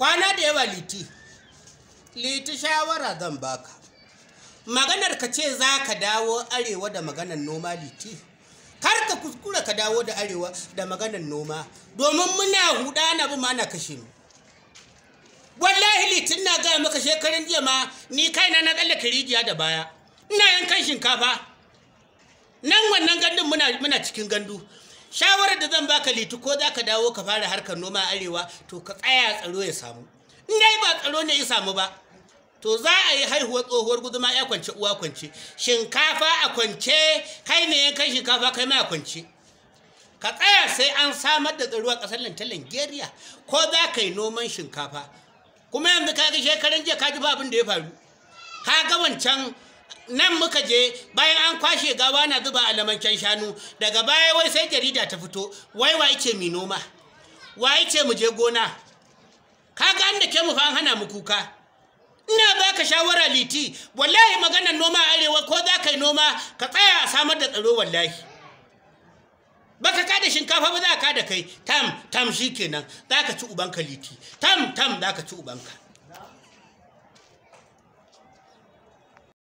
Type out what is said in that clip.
kwana da yawa liti liti shawara zan baka maganar ka ce za ka dawo arewa da maganar noma liti kar ka kuskura ka dawo da arewa da maganar noma domin muna huda na bi mana kashe mu wallahi litin na gaya maka shekarun jiya ma ni kaina na tsallake rijiya da baya ina yankan shinkafa nan wannan gandun muna cikin gandu shawarar da zan baka litu ko za ka dawo ka fara harkar noma arewa to ka tsaya tsaro ya samu in dai ba tsaro ne ya samu ba to za a yi haihuwar tsohuwar guduma ya kwance uwa kwance shinkafa a kwance kai ne yankan shinkafa kai ma a kwance ka tsaya sai an samar da tsaro a ƙasar nan ta Nigeria ko za ka yi noman shinkafa kuma yanzu ka ga shekaran jiya ka ji ba abin da ya faru ka ga wancan nan muka je bayan an kwashe gawa na zuba a lamancan shanu daga baya wai sai jarida ta fito wai wa ce mi noma wa ce mu je gona ka an da ke mu fa an hana mu kuka ina baka shawara liti wallahi maganar noma arewa ko za ka yi noma ka tsaya a samar da tsaro wallahi baka kada shinkafa ba za ka da kai tam tam shikenan za ka ci ubanka liti tam tam za ka ci ubanka